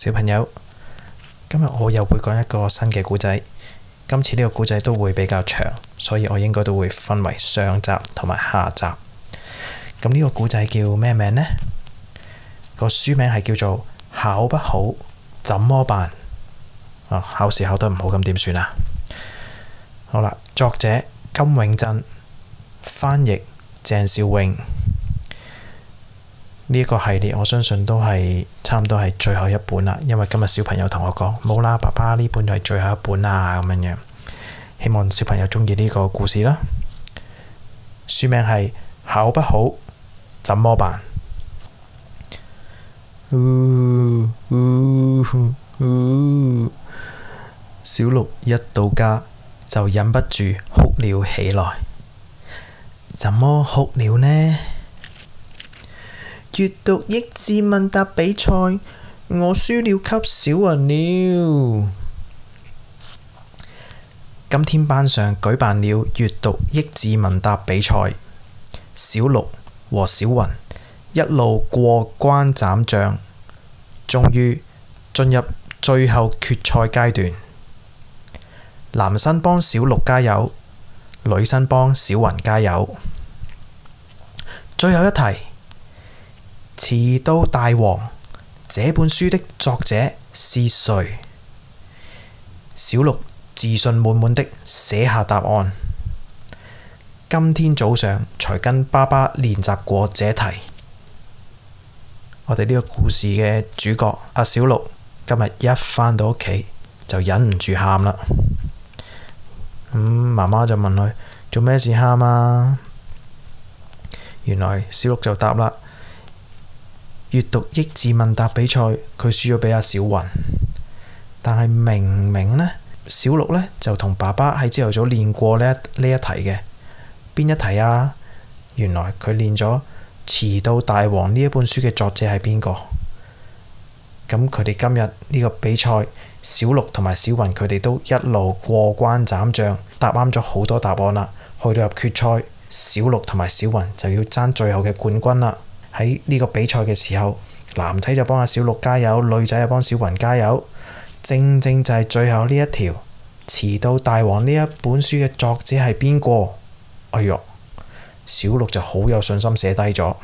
小朋友，今日我又會講一個新嘅故仔。今次呢個故仔都會比較長，所以我應該都會分為上集同埋下集。咁呢個故仔叫咩名呢？個書名係叫做《考不好怎麼辦》。啊，考試考得唔好，咁點算啊？好啦，作者金永鎮，翻譯鄭莜穎。呢一個系列，我相信都係差唔多係最後一本啦，因為今日小朋友同我講：冇啦，爸爸呢本就係最後一本啦，啊，咁樣樣。希望小朋友鍾意呢個故事啦。書名係考不好怎麼辦？小綠一到家就忍不住哭了起來，怎麼哭了呢？閱讀益智問答比賽，我輸了給小云了。今天班上舉辦了閱讀益智問答比賽，小綠和小云一路過關斬將，終於進入最後決賽階段。男生幫小綠加油，女生幫小云加油。最後一題。《遲到大王》這本書的作者是誰？小綠自信滿滿的寫下答案。今天早上才跟爸爸練習過這題。我哋呢個故事嘅主角阿小綠今日一返到屋企就忍唔住喊啦。咁、嗯、媽媽就問佢做咩事喊啊？原來小綠就答啦。閱讀益智問答比賽，佢輸咗俾阿小雲，但係明明呢，小綠呢，就同爸爸喺朝頭早練過呢呢一題嘅邊一題啊？原來佢練咗《遲到大王》呢一本書嘅作者係邊個？咁佢哋今日呢個比賽，小綠同埋小雲佢哋都一路過關斬將，答啱咗好多答案啦，去到入決賽，小綠同埋小雲就要爭最後嘅冠軍啦。喺呢個比賽嘅時候，男仔就幫阿小綠加油，女仔就幫小云加油。正正就係最後呢一條，遲到大王呢一本書嘅作者係邊個？哎喲，小綠就好有信心寫低咗，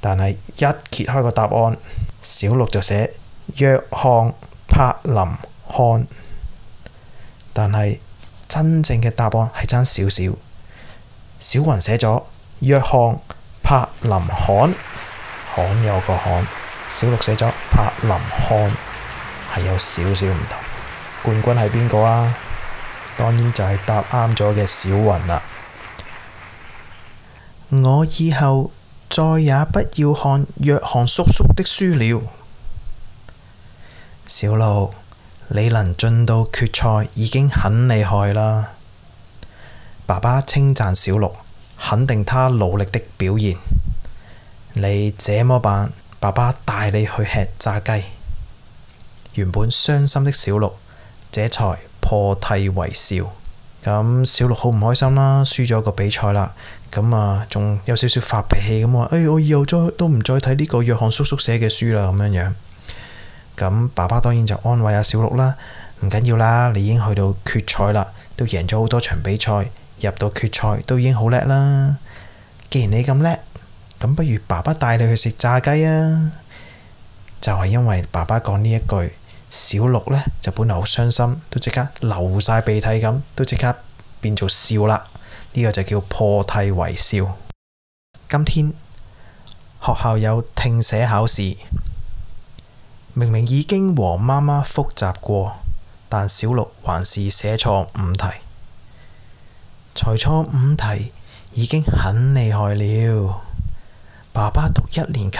但係一揭開個答案，小綠就寫約翰柏林漢，但係真正嘅答案係差少少，小云寫咗約翰。柏林罕，罕有個罕，小綠寫咗柏林罕，係有少少唔同。冠軍係邊個啊？當然就係答啱咗嘅小云啦。我以後再也不要看約翰叔叔的書了。小綠，你能進到決賽已經很厲害啦。爸爸稱讚小綠。肯定他努力的表現。你這麼辦？爸爸帶你去吃炸雞。原本傷心的小綠，這才破涕為笑。咁小綠好唔開心啦，輸咗個比賽啦。咁啊，仲有少少發脾氣咁話，哎，我以後再都唔再睇呢個約翰叔叔寫嘅書啦。咁樣樣。咁爸爸當然就安慰下小綠啦。唔緊要啦，你已經去到決賽啦，都贏咗好多場比賽。入到決賽都已經好叻啦。既然你咁叻，咁不如爸爸帶你去食炸雞啊！就係因為爸爸講呢一句，小綠呢就本來好傷心，都即刻流晒鼻涕咁，都即刻變做笑啦。呢個就叫破涕為笑。今天學校有聽寫考試，明明已經和媽媽複習過，但小綠還是寫錯五題。才錯五題已經很厲害了，爸爸讀一年級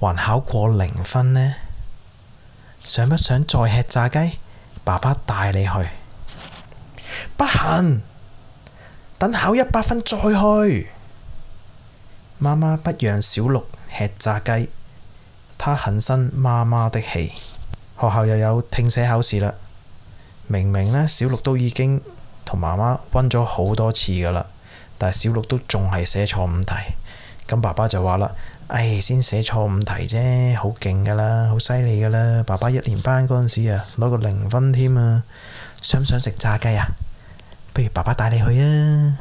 還考過零分呢。想不想再吃炸雞？爸爸帶你去。不行，等考一百分再去。媽媽不讓小綠吃炸雞，他很生媽媽的氣。學校又有聽寫考試啦，明明呢小綠都已經。同媽媽溫咗好多次噶啦，但係小綠都仲係寫錯五題，咁爸爸就話啦：誒，先寫錯五題啫，好勁噶啦，好犀利噶啦！爸爸一年班嗰陣時啊，攞個零分添啊！想唔想食炸雞啊？不如爸爸帶你去啊！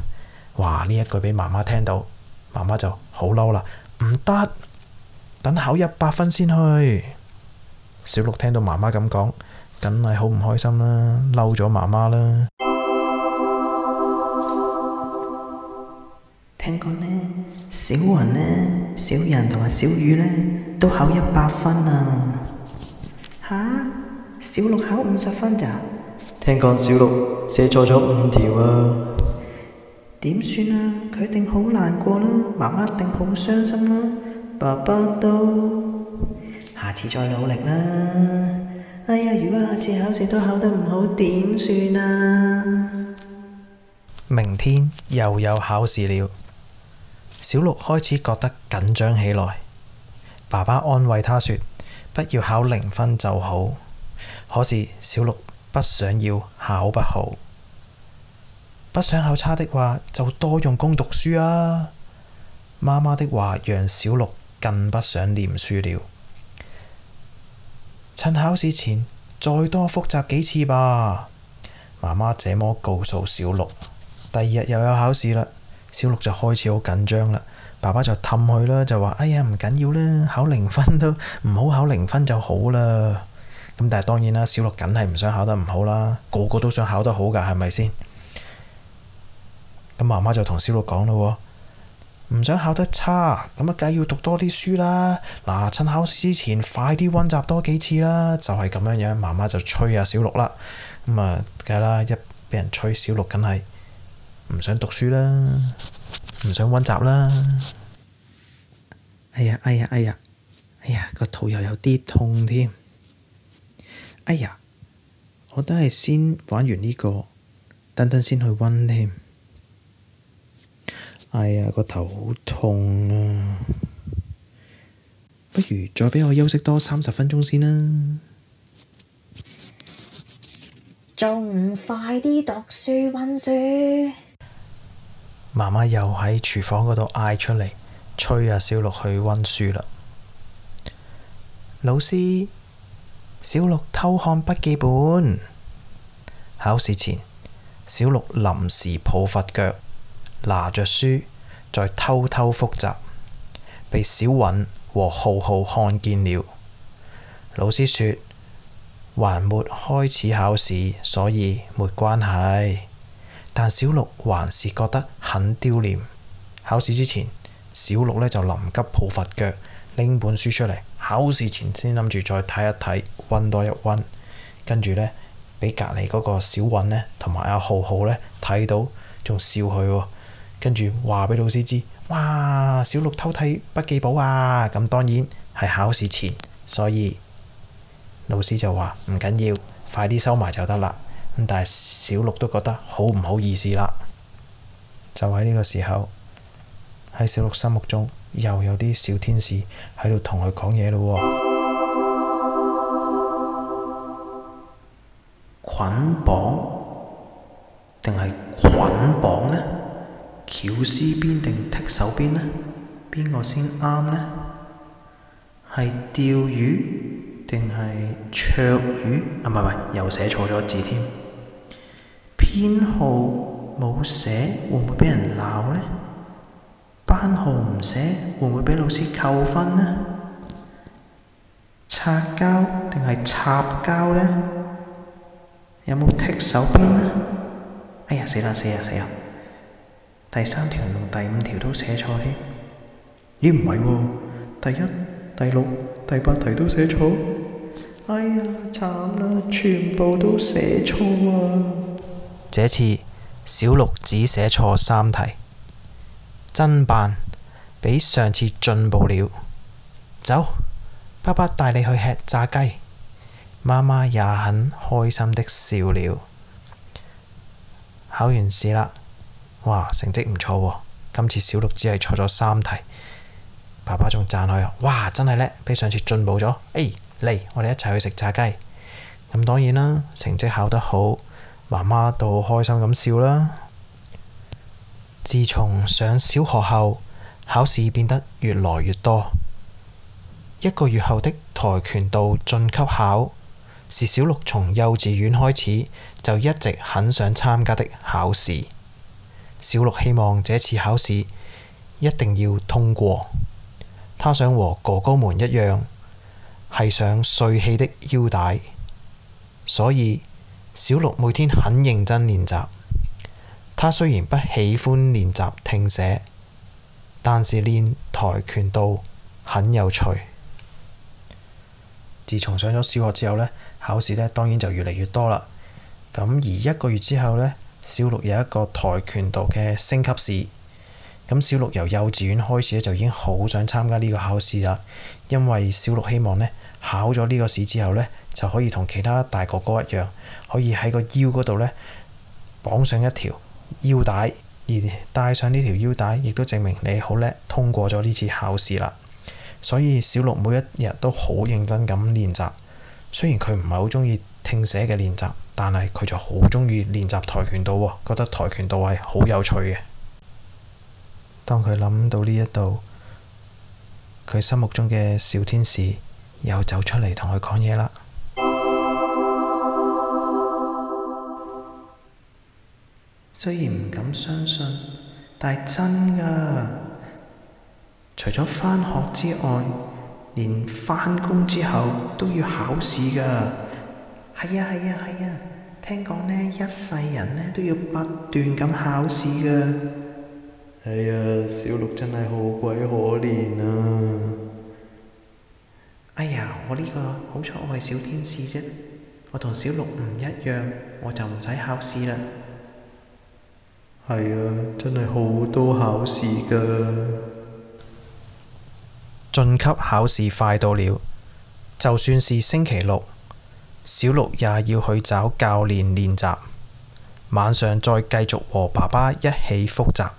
哇！呢一句俾媽媽聽到，媽媽就好嬲啦，唔得，等考一百分先去。小綠聽到媽媽咁講，梗係好唔開心啦，嬲咗媽媽啦。聽講呢，小雲呢，小人同埋小雨呢，都考一百分啊。吓，小綠考五十分咋啊？聽講小綠寫錯咗五條啊。點算啊？佢定好難過啦，媽媽一定好傷心啦，爸爸都。下次再努力啦。哎呀，如果下次考試都考得唔好，點算啊？明天又有考試了。小綠開始覺得緊張起來，爸爸安慰他說：不要考零分就好。可是小綠不想要考不好，不想考差的話就多用功讀書啊。媽媽的話讓小綠更不想念書了。趁考試前再多複習幾次吧。媽媽這麼告訴小綠。第二日又有考試啦。小綠就開始好緊張啦，爸爸就氹佢啦，就話：哎呀，唔緊要啦，考零分都唔好，考零分就好啦。咁但係當然啦，小綠梗係唔想考得唔好啦，個個都想考得好㗎，係咪先？咁媽媽就同小綠講咯，唔想考得差，咁啊梗係要讀多啲書啦。嗱，趁考試之前快啲温習多幾次啦，就係咁樣樣。媽媽就催下小綠啦，咁啊，梗係啦，一俾人催，小綠梗係。唔想讀書啦，唔想溫習啦。哎呀，哎呀，哎呀，哎呀，個肚又有啲痛添。哎呀，我都係先玩完呢個，等等先去温添。哎呀，個頭好痛啊！不如再畀我休息多三十分鐘先啦。仲唔快啲讀書溫書。媽媽又喺廚房嗰度嗌出嚟，催阿小綠去温書啦。老師，小綠偷看筆記本。考試前，小綠臨時抱佛腳，拿着書在偷偷複習，被小韻和浩浩看見了。老師說：還沒開始考試，所以沒關係。但小綠還是覺得很丟臉。考試之前，小綠咧就臨急抱佛腳，拎本書出嚟。考試前先諗住再睇一睇，温多一温。跟住咧，俾隔離嗰個小韻咧，同埋阿浩浩咧睇到，仲笑佢喎。跟住話俾老師知，哇！小綠偷睇筆記簿啊！咁當然係考試前，所以老師就話唔緊要，快啲收埋就得啦。但係小綠都覺得好唔好意思啦，就喺呢個時候，喺小綠心目中又有啲小天使喺度同佢講嘢咯喎，捆綁定係捆綁呢？巧絲邊定剔手邊呢？邊個先啱呢？係釣魚定係捉魚？啊唔係唔係，又寫錯咗字添。編號冇寫會唔會俾人鬧呢？班號唔寫會唔會俾老師扣分呢？擦膠定係插膠呢？有冇剔手邊呢？哎呀死啦死啦死啦！第三條同第五條都寫錯添。咦唔係喎？第一、第六、第八題都寫錯。哎呀慘啦！全部都寫錯啊！這次小綠只寫錯三題，真棒，比上次進步了。走，爸爸帶你去吃炸雞。媽媽也很開心的笑了。考完試啦，哇，成績唔錯喎。今次小綠只係錯咗三題，爸爸仲讚佢啊。哇，真係叻，比上次進步咗。哎，嚟，我哋一齊去食炸雞。咁、嗯、當然啦，成績考得好。媽媽都開心咁笑啦。自從上小學後，考試變得越來越多。一個月後的跆拳道晉級考，是小綠從幼稚園開始就一直很想參加的考試。小綠希望這次考試一定要通過。他想和哥哥們一樣，繫上帥氣的腰帶，所以。小綠每天很認真練習，他雖然不喜歡練習聽寫，但是練跆拳道很有趣。自從上咗小學之後呢，考試呢當然就越嚟越多啦。咁而一個月之後呢，小綠有一個跆拳道嘅升級試。咁小綠由幼稚園開始呢，就已經好想參加呢個考試啦，因為小綠希望呢考咗呢個試之後呢。就可以同其他大哥哥一樣，可以喺個腰嗰度呢綁上一條腰帶，而戴上呢條腰帶，亦都證明你好叻，通過咗呢次考試啦。所以小綠每一日都好認真咁練習，雖然佢唔係好鍾意聽寫嘅練習，但係佢就好鍾意練習跆拳道喎，覺得跆拳道係好有趣嘅。當佢諗到呢一度，佢心目中嘅小天使又走出嚟同佢講嘢啦。雖然唔敢相信，但係真噶。除咗返學之外，連返工之後都要考試噶。係啊係啊係啊，聽講呢，一世人呢都要不斷咁考試噶。係啊，小綠真係好鬼可憐啊。哎呀，我呢個好彩，我係小天使啫。我同小綠唔一樣，我就唔使考試啦。係啊，真係好多考試㗎。晉級考試快到了，就算是星期六，小綠也要去找教練練習，晚上再繼續和爸爸一起複習。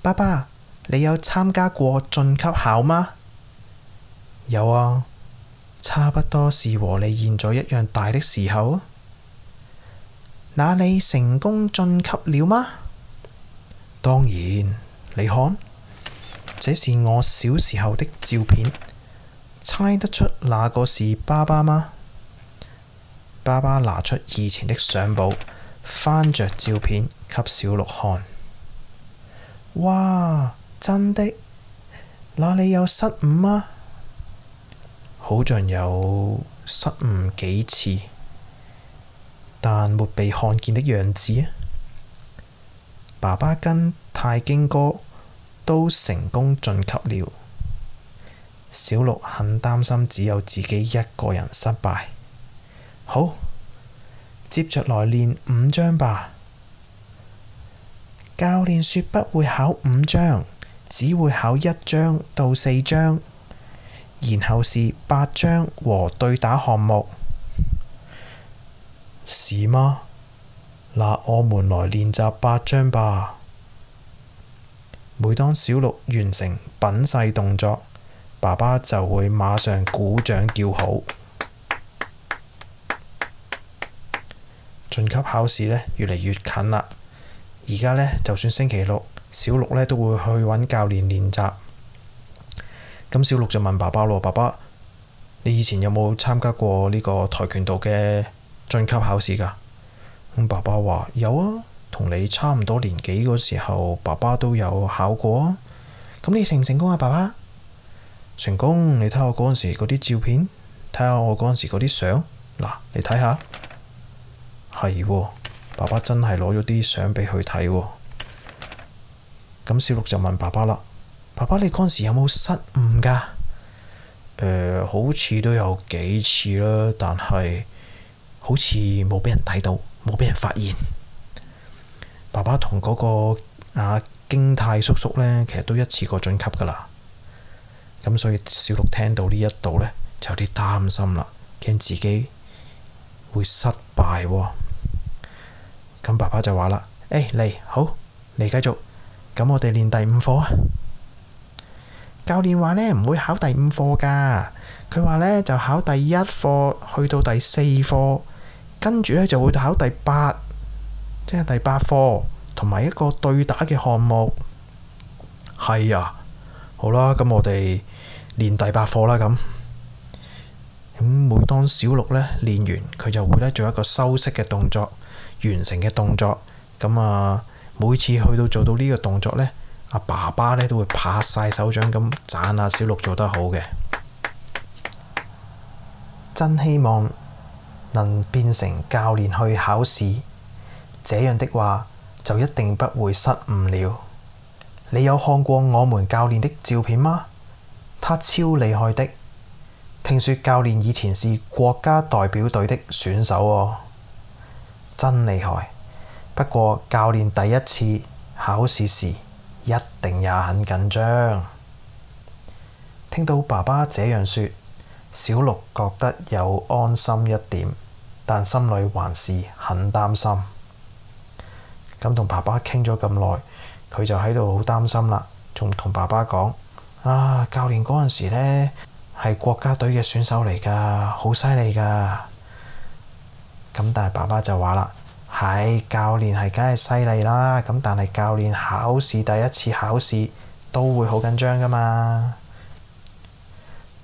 爸爸，你有參加過晉級考嗎？有啊，差不多是和你現在一樣大的時候。那你成功晉級了嗎？當然，你看，這是我小時候的照片，猜得出哪個是爸爸嗎？爸爸拿出以前的相簿，翻着照片給小綠看。哇，真的？那你有失誤嗎？好像有失誤幾次。但沒被看見的樣子。爸爸跟太經哥都成功晉級了。小綠很擔心只有自己一個人失敗。好，接著來練五章吧。教練說不會考五章，只會考一章到四章，然後是八章和對打項目。是嗎？那我們來練習八章吧。每當小六完成品勢動作，爸爸就會馬上鼓掌叫好。晉級考試呢，越嚟越近啦，而家呢，就算星期六，小六呢都會去揾教練練習。咁小六就問爸爸咯：爸爸，你以前有冇參加過呢個跆拳道嘅？晉級考試噶，咁爸爸話有啊，同你差唔多年紀嗰時候，爸爸都有考過啊。咁你成唔成功啊，爸爸？成功，你睇下我嗰陣時嗰啲照片，睇下我嗰陣時嗰啲相，嗱，你睇下，係、啊，爸爸真係攞咗啲相俾佢睇。咁小六就問爸爸啦：爸爸你嗰陣時有冇失誤噶？誒、呃，好似都有幾次啦，但係。好似冇俾人睇到，冇俾人發現。爸爸同嗰、那個阿、啊、京泰叔叔呢，其實都一次過進級噶啦。咁所以小綠聽到呢一度呢，就有啲擔心啦，驚自己會失敗喎、啊。咁爸爸就話啦：誒、欸、嚟好嚟繼續，咁我哋練第五課啊。教練話呢唔會考第五課噶，佢話呢就考第一課去到第四課。跟住咧就會考第八，即係第八課同埋一個對打嘅項目。係啊，好啦，咁我哋練第八課啦咁。咁每當小綠咧練完，佢就會咧做一個收息嘅動作，完成嘅動作。咁啊，每次去到做到呢個動作咧，阿、啊、爸爸咧都會拍晒手掌咁讚下小綠做得好嘅。真希望。能變成教練去考試，這樣的話就一定不會失誤了。你有看過我們教練的照片嗎？他超厲害的，聽說教練以前是國家代表隊的選手哦，真厲害。不過教練第一次考試時一定也很緊張。聽到爸爸這樣說。小六覺得有安心一點，但心裏還是很擔心。咁同爸爸傾咗咁耐，佢就喺度好擔心啦，仲同爸爸講：啊，教練嗰陣時呢係國家隊嘅選手嚟㗎，好犀利㗎。咁但係爸爸就話啦：係、哎，教練係梗係犀利啦。咁但係教練考試第一次考試都會好緊張㗎嘛。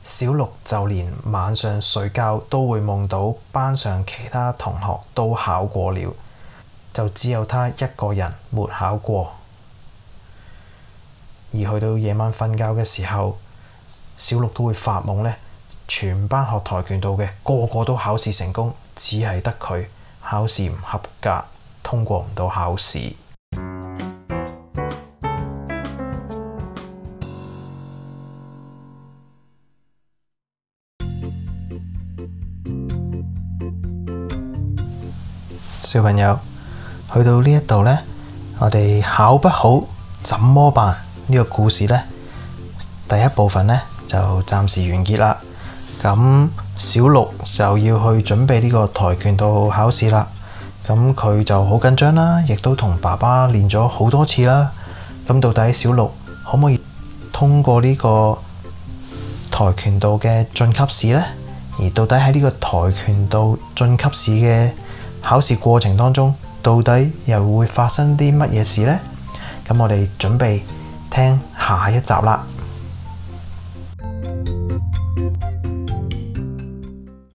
小綠就連晚上睡覺都會夢到班上其他同學都考過了，就只有他一個人沒考過。而去到夜晚瞓覺嘅時候，小綠都會發夢呢，全班學跆拳道嘅個個都考試成功，只係得佢考試唔合格，通過唔到考試。小朋友去到呢一度呢，我哋考不好怎麼辦？呢個故事呢，第一部分呢，就暫時完結啦。咁小綠就要去準備呢個跆拳道考試啦。咁佢就好緊張啦，亦都同爸爸練咗好多次啦。咁到底小綠可唔可以通過呢個跆拳道嘅晉級試呢？而到底喺呢個跆拳道晉級試嘅考試過程當中到底又會發生啲乜嘢事呢？咁我哋準備聽下一集啦。